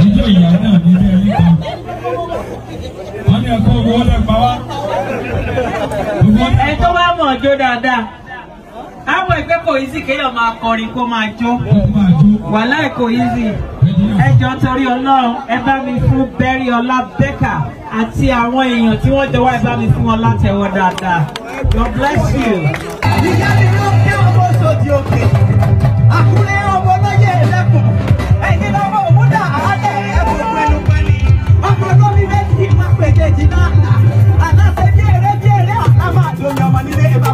jíjẹ ìyá náà ní ilé ayé kan wọn ní ẹkọ ogun wọn lè pa wá. mọ̀ ọjọ́ dáadáa àwọn ẹgbẹ́ kò yí sí kéèyàn máa kọrin kó máa jó wàhálà kò yí sí ẹjọ́ torí ọlọ́run ẹ bá mi fún bẹ́rí ọlá bẹ́kà àti àwọn èèyàn tí wọ́n jọ wá ẹ bá mi fún wọn látẹ̀wọ́ dáadáa God bless you.